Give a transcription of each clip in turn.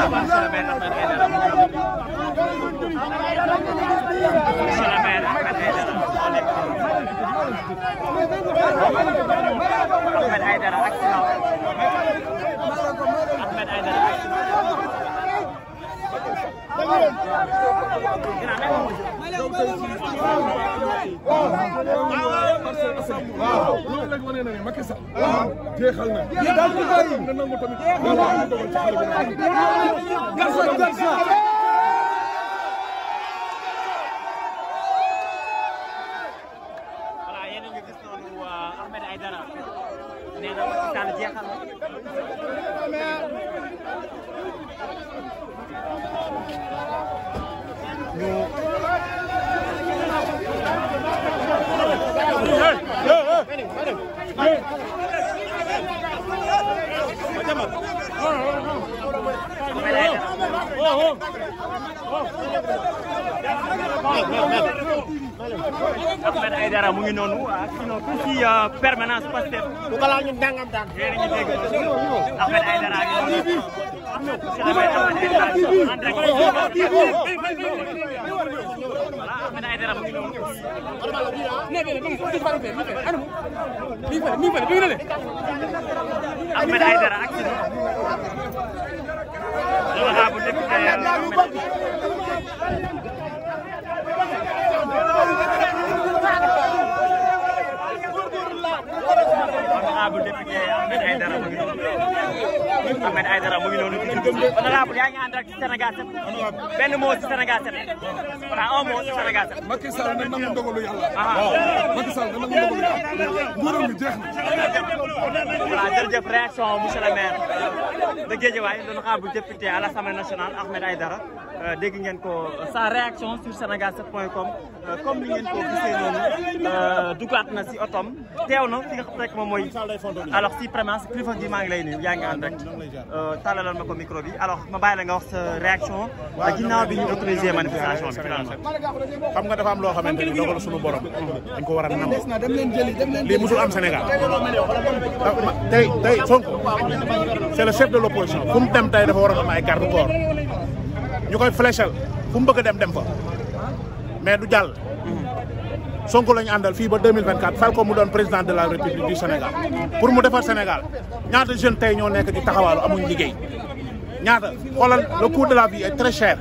Ahmed Aïdara ak Ahmed Aïdara Ahmed Aidara nee na Macky Sall jeexal na Ahmed dara mu ngi noonu kii noonu fii permanence Pastef. bu ko ñu ndàngam daan. yéen a ngi dégg Ahmed Aïdara a ngi Ahmed Aidara ak si loolu xaa bu député honorable député Ahmed Aïdara mu ngi noonu Ahmed Aïdara mu ngi noonu honorable yaa ngi ànd ak Sénégal 7 benn mot ci Sénégal 7 voilà un mot ci Sénégal 7 Macky Sall na nangu ndogalu yàlla ah. Macky Sall na nangu ndogalu yàlla nguuram bi jeex na voilà jërëjëf réaction monsieur le maire de Guédiawaye l'honorable député à l'Assemblée nationale Ahmed Aïdara Euh, dégg ngeen ko sa réaction sur Sénégal 7 euh, comme ni ngeen ko gisee noonu euh, dugaat na si otom teew na fi nga xam rek moom mooy alors si prémence kilifa gi maa ngi lay ni yaa ngi ànd rek tàllalal ma ko micro bi alors ma bàyyi la nga wax sa réaction ginnaaw bi ñu autorisé manifestation bi finalement xam nga dafa am loo xamante ni dogal suñu borom dañ ko war a nangu lii musul am Sénégal ah, tey tey Sonko c'est le chef de l'opposition fu mu dem tey dafa war a am garde corps ñu koy fléchal fu mu bëgg dem dem fa mais du jàll. Sonko la ñu àndal fii ba 2024 fal ko mu doon président de la république du Sénégal pour mu defar Sénégal ñaata jeune tey ñoo nekk di taxawaalu amuñ liggéey ñaata xoolal la coût de la vie est très cher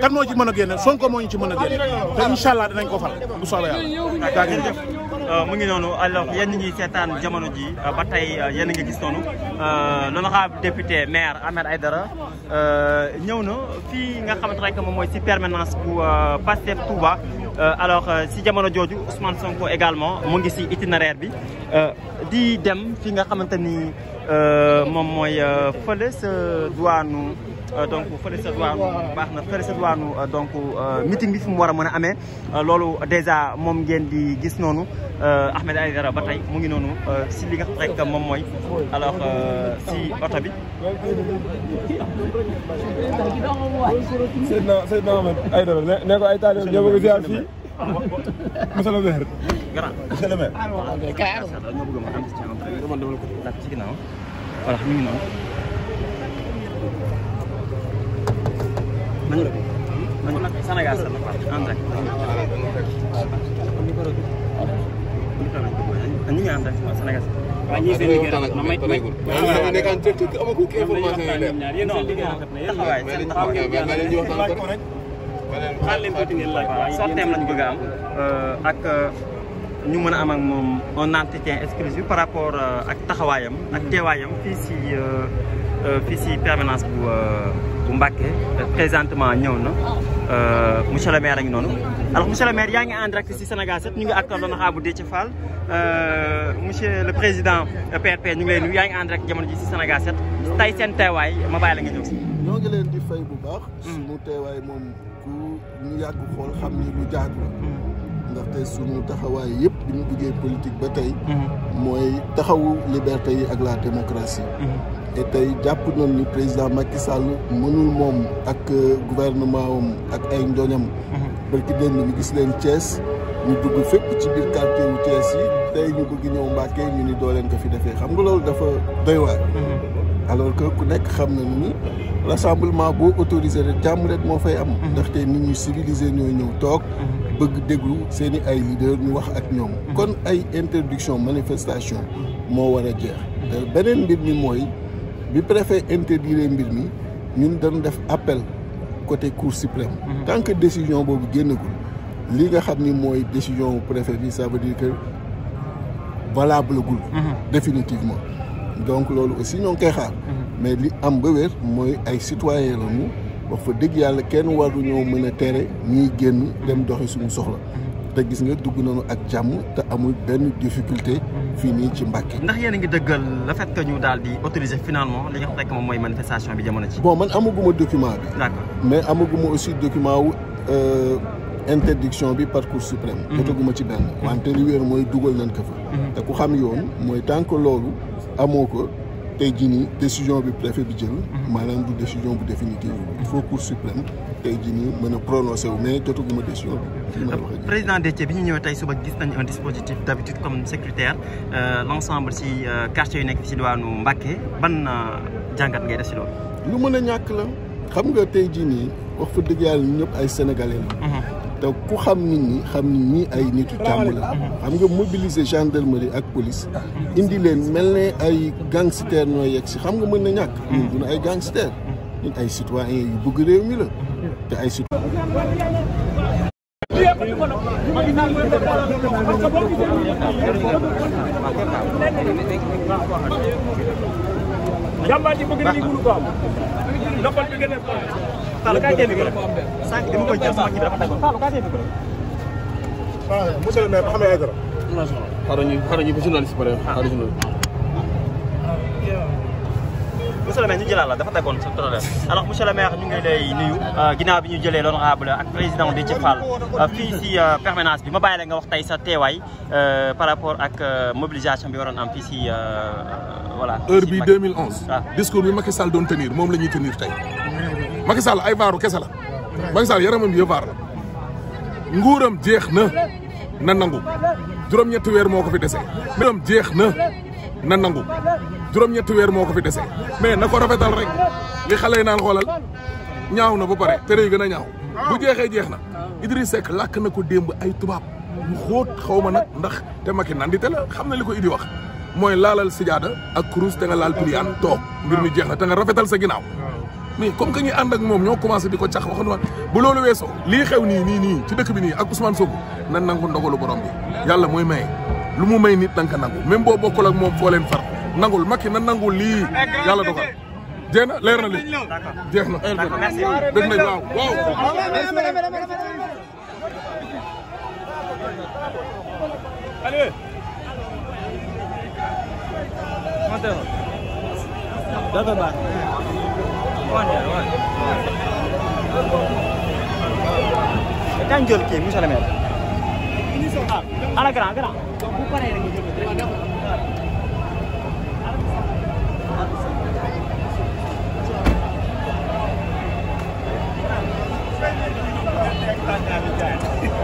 kan moo ci mën a génne Sonko moo ñu ci mën a génne te incha allah dinañ ko fal bu soobee yàlla. Euh, mu ngi noonu alors yéen ñi seetaan jamono ji euh, ba tey euh, yéen a ngi gis noonu l'honorable député maire Ahmed Aïdara ñëw na fii nga xamante rek moom mooy ci permanence bu Pastef Touba. alors si jamono jooju Ousmane Sonko également mu ngi si itinéraire bi di dem fi nga xamante ni moom mooy fële sa duwaanu. donc fële sa duwaanu baax na fële sa duwaanu donc bi fi mu war a mën a loolu dèjà moom ngeen di gis noonu Ahmed Aïdara ba tey mu ngi noonu si li nga xam moom mooy alors si oto bi. Seydina Seydina Ahmed Aïdara ne ko ay taal yow ñoo bëgg ziar fii monsieur le maire. grand monsieur waaw ñii a liggéey rafet na may may. waaw a en direct amagu information yi leer. non taxawaay seen taxawaay. xaar leen a ak ñu mën a am ak moom un entretien exclusif par rapport ak taxawaayam. ak teewaayam fii si. Euh, fii si permanence bu euh, bu Mbacké présentement ñëw na euh, monsieur le maire a ngi noonu alors monsieur le maire yaa ngi en direct si Sénégal 7 ñu ngi ak Lona Abou Déthié Fall monsieur le président PRP ñu ngi lay yaa ngi en direct jamono ji si Sénégal 7 tey seen teewaay ma a la ñëw si. ngi leen di fay bu baax. Hmm. sunu teewaay moom ku ñu yàgg xool xam ni lu jaadu la. Hmm. ndaxte suñu taxawaay yëpp du ñu duggee politique ba tey. Hmm. mooy taxawu liberté yi ak la démocratie. te tey jàpp nañ ni président Macky Sall mënul moom ak euh, gouvernement am ak ay njoñam mhm. barki démb ñu gis leen cees ñu dugg fépp ci biir quartier yu Thiès tey ñu ko gi ñëw Mbàkke ñu ni doo leen ko fi defee xam nga loolu dafa doy waar mhm. alors que ku nekk xam na ni rassemblement boo autorisé rek jàmm rek moo fay am mhm. ndaxte nit ñu civilisé ñoo ñëw toog bëgg déglu seen i ay leader ñu wax ak ñoom kon ay interdiction manifestation moo war a jeex euh, beneen mbir mi mooy bi préfet interdire mbir mi ñun dañu def appel côté cour suprême mhm. tant que décision boobu génnagul li nga xam ni mooy décision préfet bi ça veut dire que valable gul mhm. définitivement donc loolu aussi ñoo ngi xaar mhm. mais li am ba wér mooy ay citoyen lañu wax fa dëgg yàlla kenn waru ñoo mën a tere ñuy génn dem doxi suñu soxla te gis nga dugg nañu ak jàmm te amul benn difficulté fii nii ci Mbàkke. ndax yéen a ngi dëggal le fait que ñu daal di autorisé finalement li nga xam ne moom mooy manifestation bi jamono ci. boo man amaguma document bi. d'accord mais amaguma aussi document wu euh, interdiction bi par Cour suprême. Mhm. jotaguma ci benn. Mhm. wante li wéer mooy dugal nañ ko fa. Mhm. te ku xam yoon mooy tant que loolu amoo ko. tey ji nii décision bi préfet bi jël. Mhm. maanaam du décision bu définitive mhm. il faut cour suprême tey jii nii mën a prononcé mais jotaguma décision bi. président bi ñu ñëwee tey suba gis nañ un dispositif d'habitude comme sécuritaire euh, l' ensemble si euh, quartier nekk si diwaanu Mbacké ban euh, jàngat ngay def si loolu. lu mën a ñàkk la xam nga tey jii nii wax fa dëgg yàlla ñëpp ay sénégalais te ku xam nit ñi xam ni ñii ay nitu jàmm la xam nga mobiliser gendarmerie ak police indi leen mel ne ay gangster ñoo yegg ci xam nga mën na ñàkk ñun duna ay gangster ñun ay citoyen yu bëgg réew mi la te ay citoyen jàmbaar ji bëgg nañu mënu sànq dama koy jël sama kii bi dafa daggoon ko rek. monsieur le maire ba xam ne ay dara. xaaral ñu xaaral ñu ba journaliste pare ah. xaaral journaliste. monsieur le maire ñu jëlaat la dafa daggoon sa problème alors monsieur le maire ñu ngi lay nuyu euh, bi ñu jëlee l'honorable euh, ak président Déthié Fall euh, fii si permanence bi ma bàyyi la nga wax tey sa teewaay par rapport ak mobilisation bi waroon am fii si voilà. heure bi 2011. waaw ah. discours bi Macky Sall doon tenir moom la ñuy tenir tey Macky Sall ay baaru kese la. Macky Sall yaramam yëpp aar la nguuram jeex na na nangu juróom-ñetti weer moo ko fi dese. nguuram jeex na na nangu juróom-ñetti weer moo ko fi dese. mais na ko rafetal rek li xale yi naan xoolal ñaaw na ba pare tere yu gën a ñaaw bu jeexee jeex na Idriss sek lakk na ko démb ay tubaab mu xóot xaw ma nag ndax te Macky nandi te la xam na li ko Idi wax. mooy laalal sijaada ak kurus te nga laal piliyaan toog mbir mi jeex na te nga rafetal sa ginnaaw mais comme que ñuy ànd ak moom ñoo commencé di ko cax waxanu waat bu loolu weesoo lii xew nii nii nii ci dëkk bi nii ak Ousmane Sonko nan nangu ndogalu borom bi yàlla mooy maye lu mu may nit nanga ko nangu même boo bokkul ak moom foo leen far nangul Macky na nangu lii yàlla dogal jeex na leer na lii jeex na kañ jël kii monsieur le maire. ana grand grand. Thank you.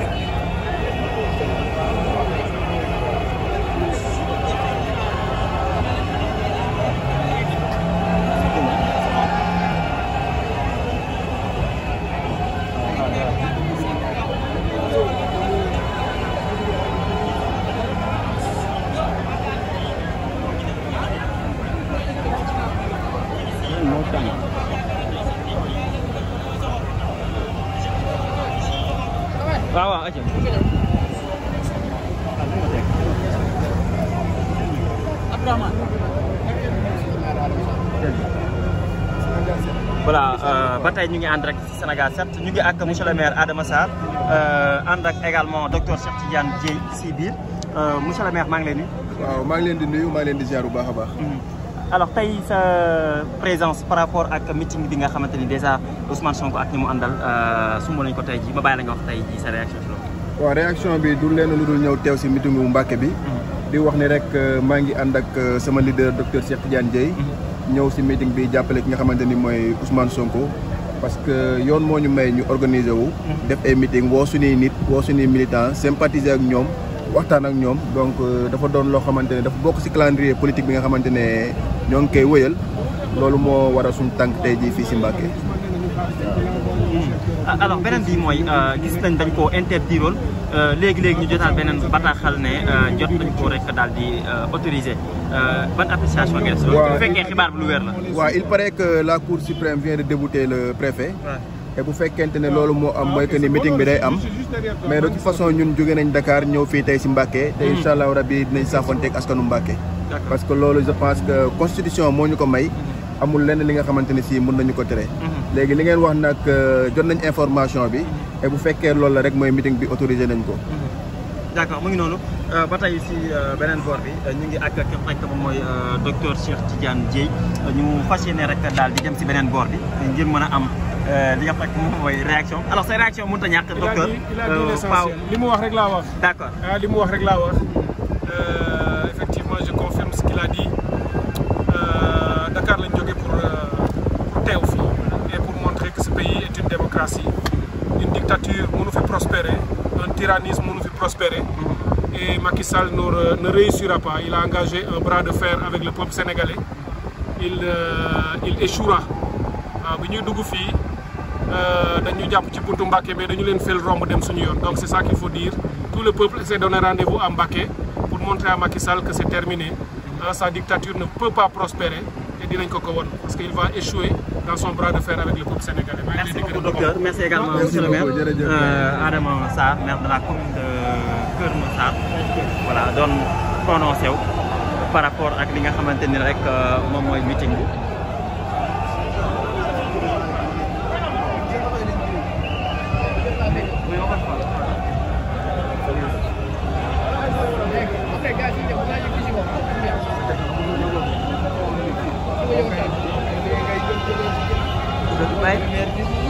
waaw waaw aca voilà euh, ñu ngi ànd rek senegal Sénégal ñu ngi ak monsieur le maire Adama Sarr euh, ànd ak également docteur Cheikh Tidiane Dièye si biir euh, monsieur le maire maa ngi leen di. waaw maa ngi leen di nuyu maa ngi leen di ziar u baax a baax. Mm-hmm. alors tey sa présence par rapport ak meeting bi nga xamante ni déjà Ousmane Sonko ak ñi mu àndal euh, sumb nañu ko tey ji ma bàyyi la nga wax tey ji sa réaction ci loolu. waaw réaction bi du leen lu dul ñëw teew si meeting bu Mbàkke bi. Mhm. di wax ni rek euh, maa ngi ànd ak euh, sama leader docteur Cheikh Tidiane Dieye. Mhm. ñëw si meeting bi jàppale ki nga xamante ni mooy Ousmane Sonko. parce que yoon moo ñu may ñu organiser wu. Mhm. def ay meeting woo suñuy nit woo suñuy militants sympathiser ak ñoom waxtaan ak ñoom donc dafa doon loo xamante ne dafa bokk si calendrier politique bi nga xamante ne ñoo ngi koy wëyal loolu moo war a tànk tey jii fii si Mbàkke ah, alors beneen bi mooy euh, gis nañ dañ koo interdiroon euh, léegi léegi ñu jotaal beneen bataaxal ne euh, jot nañ ko rek daal di autorisé ban appréciation ngeen si bu fekkee xibaar bi lu weer la. waa il paraît que la cour suprême vient de débouter le préfet. te bu fekkente ne loolu moo am mooy que ni meeting bi day am mais de toute façon ñun jóge nañ Dakar ñëw fii tey si Mbàkke. te mm-hmm. incha allahu rabi dinañ saafanteeg askanu Mbàkke. parce que loolu je pense que constitution moo ñu ko may. amul lenn li nga xamante ne si mun nañu ko tere. Mhm. léegi li ngeen wax nag euh, jot nañ information bi. et bu fekkee loolu la rek mooy meeting bi autorisé nañ ko. Mhm. d'accord mu ngi noonu euh, ba tey si euh, beneen boor bi ñu ngi ak képp rek moom mooy docteur Cheikh Tidiane Dieye ñu fas yéene rek daal di dem si beneen boor bi ngir mën a am li nga xam moom mooy réaction alors sa réaction mënut a ñàkk docteur. il a dit li mu wax rek laa wax. d'accord ah, li mu wax rek laa wax. pour euh, teew fii et pour montrer que ce pays est une démocratie une dictature mënu fi prospérer un tyrannisme mënu fi prospérer mm-hmm. et Macky ne, réussira pas il a engagé un bras de fer avec le peuple sénégalais il euh, échouera waaw bi ñuy dugg fii euh, dañu jàpp ci buntu Mbacké mais dañu leen fel romb dem suñu yoon donc c'est ça qu'il faut dire tout le peuple s'est donné rendez-vous à Mbacké pour montrer à Macky que c'est terminé mm-hmm. sa dictature ne peut dinañ ko ko won parce que il va échouer dans son bras de fer avec le peuple sénégalais. merci beaucoup docteur merci également monsieur euh, la commune de Kër Massar voilà doon prononcé par rapport ak li nga xamante ni rek euh, moom mooy meeting Bye.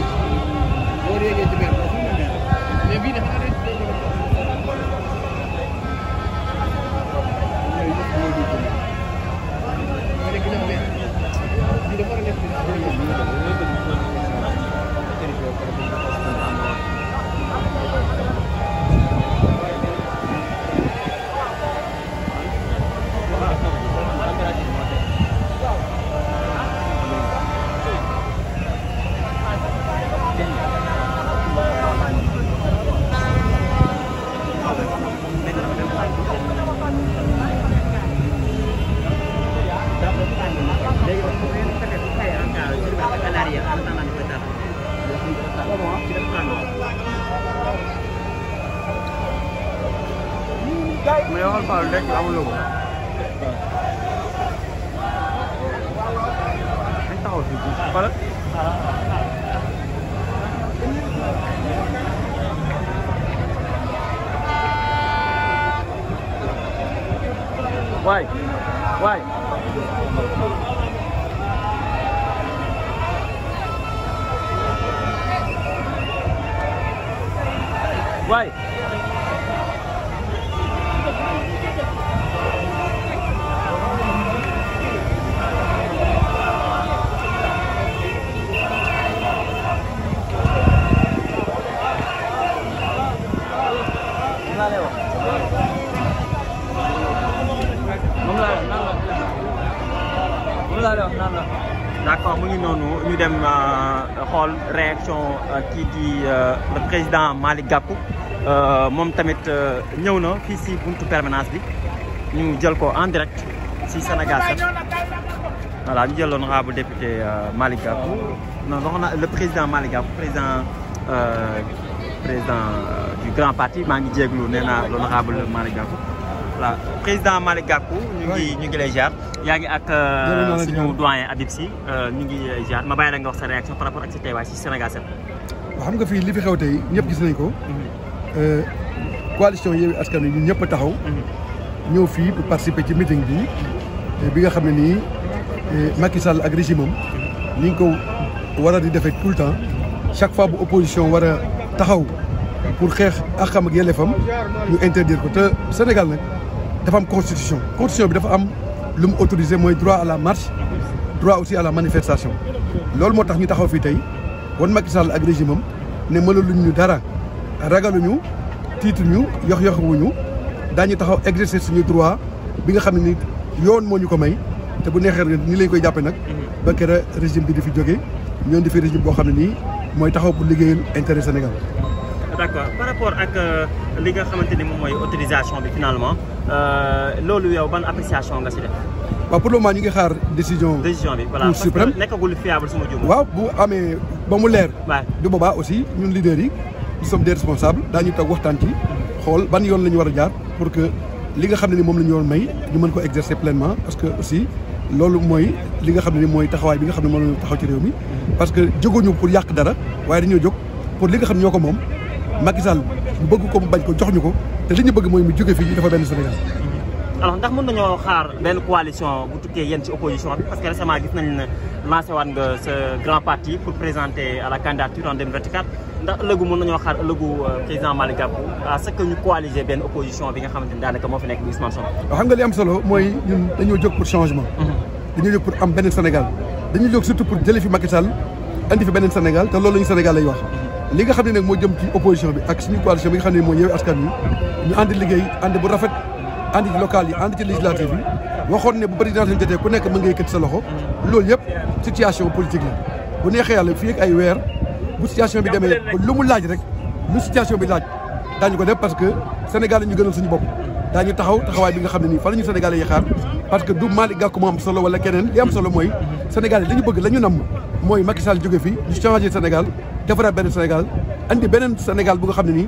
Vai. Vai. laa wax naan la. d' accord mu ngi noonu ñu dem euh, xool réaction euh, kii di euh, le président Malick Gakou moom tamit ñëw na fii si buntu permanence bi ñu jël ko en direct si Sénégal 7 voilà ñu jël l'honorable député Malick Gakou non non le président Malick Gakou président président du grand parti maa ngi jéeglu nee naa l'honorable Malick Gakou voilà président Malick Gakou ñu ngi ñu ngi lay jaar yaa ngi ak euh, suñu doyen Habib Sy euh, ñu ngi jaar ma bàyyi la nga wax sa réaction par rapport ak sa teewaay si Sénégal 7. waaw xam nga fii li fi xew tey ñëpp gis nañ ko. Mhm. Euh, coalition Yewwi Askan Wi ñun ñëpp taxaw. Mhm. ñëw fii pour participer ci meeting bi bi nga xam ne nii Macky Sall ak régime am mhm. ni ko war di defee tout le temps chaque fois bu opposition war a taxaw pour xeex ak xam ak yelleefam ñu interdire ko te Sénégal nag. dafa am constitution constitution bi dafa am lu mu autorisé mooy droit à la marche droit aussi à la manifestation loolu moo tax ñu taxaw fii tey wan Macky Sall ak régime am ne mënaluñ ñu dara ragaluñu tiituñu yox yoxuwuñu daañu taxaw exercer suñu droit bi nga xam ne ni yoon moo ñu ko may te bu neexee nii lañ koy jàppee nag ba kera régime bi di fi jóge ñoo di fi régime boo xam ne nii mooy taxaw pour liggéeyal intérêt Sénégal d'accord par rapport ak euh, li nga xamante ni moom mooy autorisation bi finalement euh, loolu yow ban appréciation nga si def. waaw pour le moment ñu ngi xaar décision. décision bi voilà Cour suprême nekkagul fiable sama juum. amee ba leer. waaw boobaa aussi ñun leaders yi nous sommes des responsables daañu toog waxtaan ci xool ban yoon la ñu war a jaar pour que li nga xam ne ni moom la ñu war may ñu mën ko exercer pleinement parce que aussi. loolu mooy li nga xam ne ni mooy taxawaay bi nga xam ne moom la taxaw ci réew mi mm-hmm. parce que jóguñu pour yàq dara waaye dañoo jóg pour li nga xam ne ñoo ko moom Macky Sall mu bëgg ko mu bañ ko jox ñu ko te li ñu bëgg mooy mu jóge fii dafa benn Sénégal. alors ndax nañoo xaar benn coalition bu tukkee yéen ci bi parce que récemment gis nañ ne lancé waat nga sa grand la candidature en 2024 ndax ëllëgu mën nañoo xaar ëllëgu euh, président Malick Gakou à ce que ñu coaliser bi nga xamante ne daanaka moo fi nekk bu Ousmane Sonko. waaw xam am solo mooy ñun dañoo jóg mhm. am beneen Sénégal dañu jóg surtout pour jëlee fi Macky Sall indi fi beneen Sénégal te loolu la ñu Sénégal lay wax. li nga xam ne nag moo jëm ci opposition bi ak suñu coalition bi nga xam ne mooy Yewwi Askan Wi ñu ànd liggéey ànd bu rafet ànd ci local yi ànd ci législative yi waxoon ne bu président lañ jotee ku nekk mën ngay yëkkati sa loxo loolu yëpp situation politique la bu neexee yàlla fii ak ay weer bu situation bi demee ba lu mu laaj rek lu situation bi laaj daañu ko def parce que Sénégal la ñu gënal suñu bopp daañu taxaw taxawaay bi nga xam ne nii fa la ñu Sénégalais yi xaar parce que du Malick solo wala keneen li am solo mooy Sénégalais bëgg la ñu namm mooy Macky Sall jóge fi ñu Sénégal defaraat benn Sénégal andi beneen Sénégal bu xam ne nii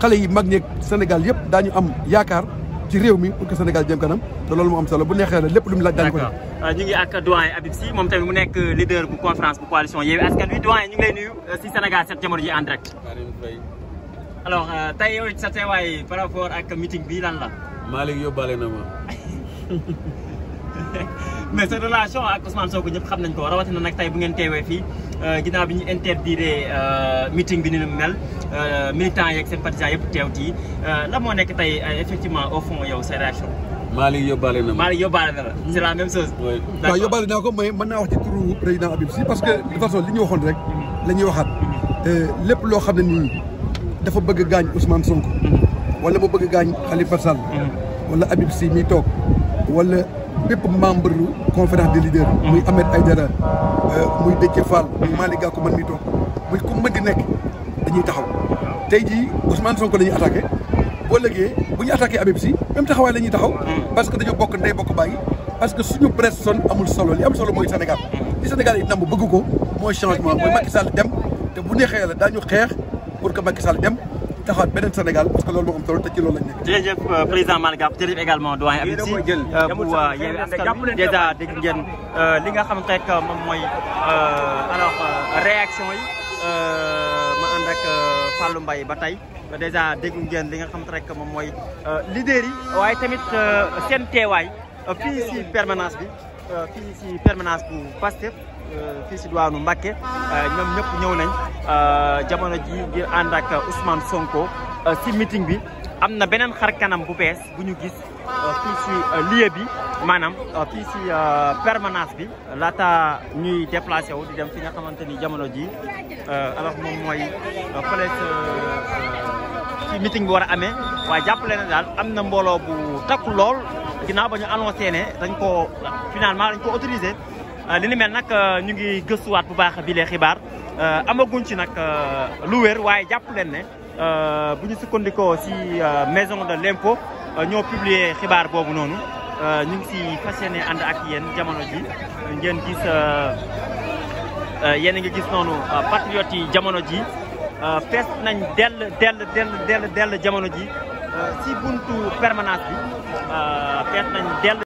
xale yi mag ñeeg Sénégal yëpp daañu am yaakaar ci réew mi pour que Sénégal jëm kanam te loolu moo am solo bu neexee la lépp lu mu laaj daañu ko euh, ñu ngi ak doyen Habib Sy moom tamit mu nekk leader bu conférence bu coalition Yewwi Askan euh, si Sénégal set jamono ji en direct alors euh, tey yow sa teewaay par rapport ak meeting bi lan la Malick yóbbaale na ma mais sa relation ak Ousmane Sonko ñëpp xam nañ ko rawatina nag tey bu ngeen teewee fii Euh, ginnaaw bi ñu interdire euh, meeting bi ni mu mel euh, militants yeeg sympathisants yëpp teew ci la moo nekk tey effectivement au fond yow sa réaction. Malick yóbbaale na maa Malick yóbbaale na la c'est la même chose. waaw yóbbaale naa ko mais mën wax ci turu président Habib Sy parce que de façon li ñu waxoon rek. la ñuy waxaat lépp loo xam ne nii dafa bëgg gaañ Ousmane Sonko. wala mu bëgg gaañ Khalifa Sall. wala Habib Sy mi toog wala bépp membre conférence des leaders. muy Ahmed Aïdara. Eh, muy Déthié Fall muy Malick Gakou man mi toog muy ku mën di nekk dañuy taxaw tey jii Ousmane Sonko la ñuy attaqué boo lëgee bu ñu attaqué Habib Sy même taxawaay la ñuy taxaw parce que dañoo bokk ndey bokk bàyyi parce que suñu presse son amul solo li am solo mooy Sénégal li Sénégal yi namb bëgg ko mooy changement mooy Macky Sall dem te bu neexee la daa ñu xeex pour que Macky Sall dem taxaat beneen Sénégal parce que loolu moo am solo te ci loolu lañ nekk. jërëjëf euh, président Malick Gakou jërëjëf également doyen Habib Sy bu euh, euh, Yewwi Askan Wi dèjà dégg ngeen li nga xam rek moom mooy alors réaction yi ma ànd ak Fallou Mbaye ba tey dèjà dégg ngeen li nga xam rek moom mooy leader yi waaye tamit seen teewaay fii si permanence bi fii si permanence bu Pastef fii si diwaanu Mbacké euh, ñoom ñëpp ñëw nañ euh, jamono ji ngir ànd Sonko si euh, meeting bi am na beneen xar kanam bu bees bu ñu gis fii si lieu bi maanaam fii si permanence bi laata ñuy déplacé wu di dem fi nga xamante ni jamono ji alors moom mooy fële ci meeting bi war a amee waa jàppale na daal am na mbooloo bu takku lool ginnaaw ba ñu annoncé ne dañ ko finalement dañ ko autorisé Euh, li ni mel nag euh, ñu ngi gëstuwaat bu baax bi lee xibaar euh, amaguñ ci nag lu wér waaye jàpp leen ne bu ñu sukkandikoo si maison de l'impôt ñoo publier xibaar boobu noonu ñu ngi si fas yéene ànd ak yéen jamono ji ngeen gis yéen a ngi gis noonu patriotes yi jamono ji fees nañ dell dell dell dell dell jamono ji si buntu permanence bi fees nañ dell